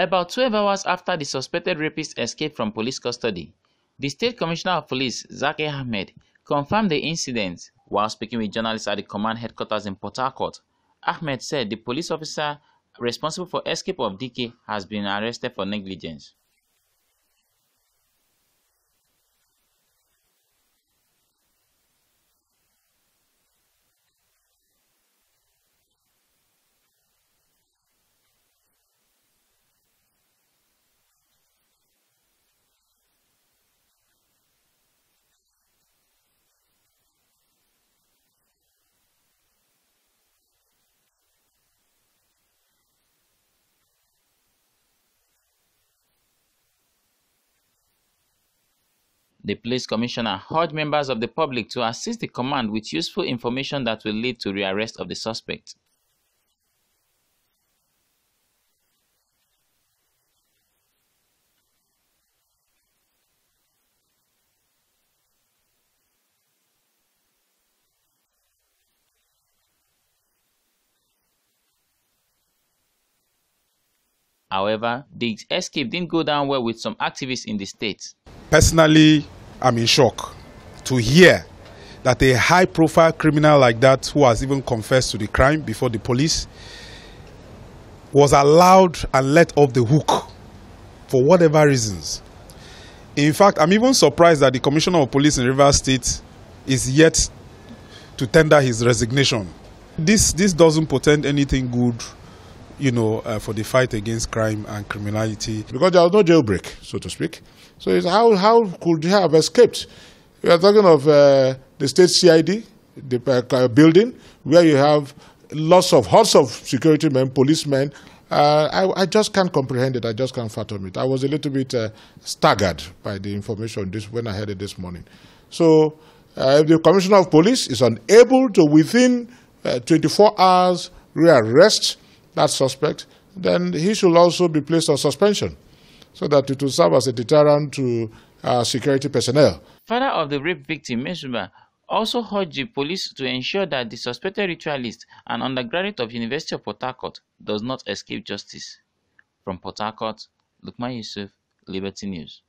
About 12 hours after the suspected rapist escaped from police custody, the State Commissioner of Police, Zaki Ahmed, confirmed the incident while speaking with journalists at the command headquarters in Port Harcourt. Ahmed said the police officer responsible for escape of DK has been arrested for negligence. The police commissioner urged members of the public to assist the command with useful information that will lead to the arrest of the suspect. However, the escape didn't go down well with some activists in the state. Personally, I'm in shock to hear that a high profile criminal like that, who has even confessed to the crime before the police, was allowed and let off the hook for whatever reasons. In fact, I'm even surprised that the Commissioner of Police in Rivers State is yet to tender his resignation. This, this doesn't portend anything good you know, uh, for the fight against crime and criminality. Because there was no jailbreak, so to speak. So it's how, how could you have escaped? We are talking of uh, the state CID, the uh, uh, building, where you have lots of hordes of security men, policemen. Uh, I, I, just can't comprehend it. I just can't fathom it. I was a little bit uh, staggered by the information this, when I heard it this morning. So if the commissioner of police is unable to, within 24 hours, rearrest that suspect, then he should also be placed on suspension so that it will serve as a deterrent to uh, security personnel. Father of the rape victim, Meshuba, also urged the police to ensure that the suspected ritualist, and undergraduate of University of Port Harcourt, does not escape justice. From Port Harcourt, Lukman Yusuf, Liberty News.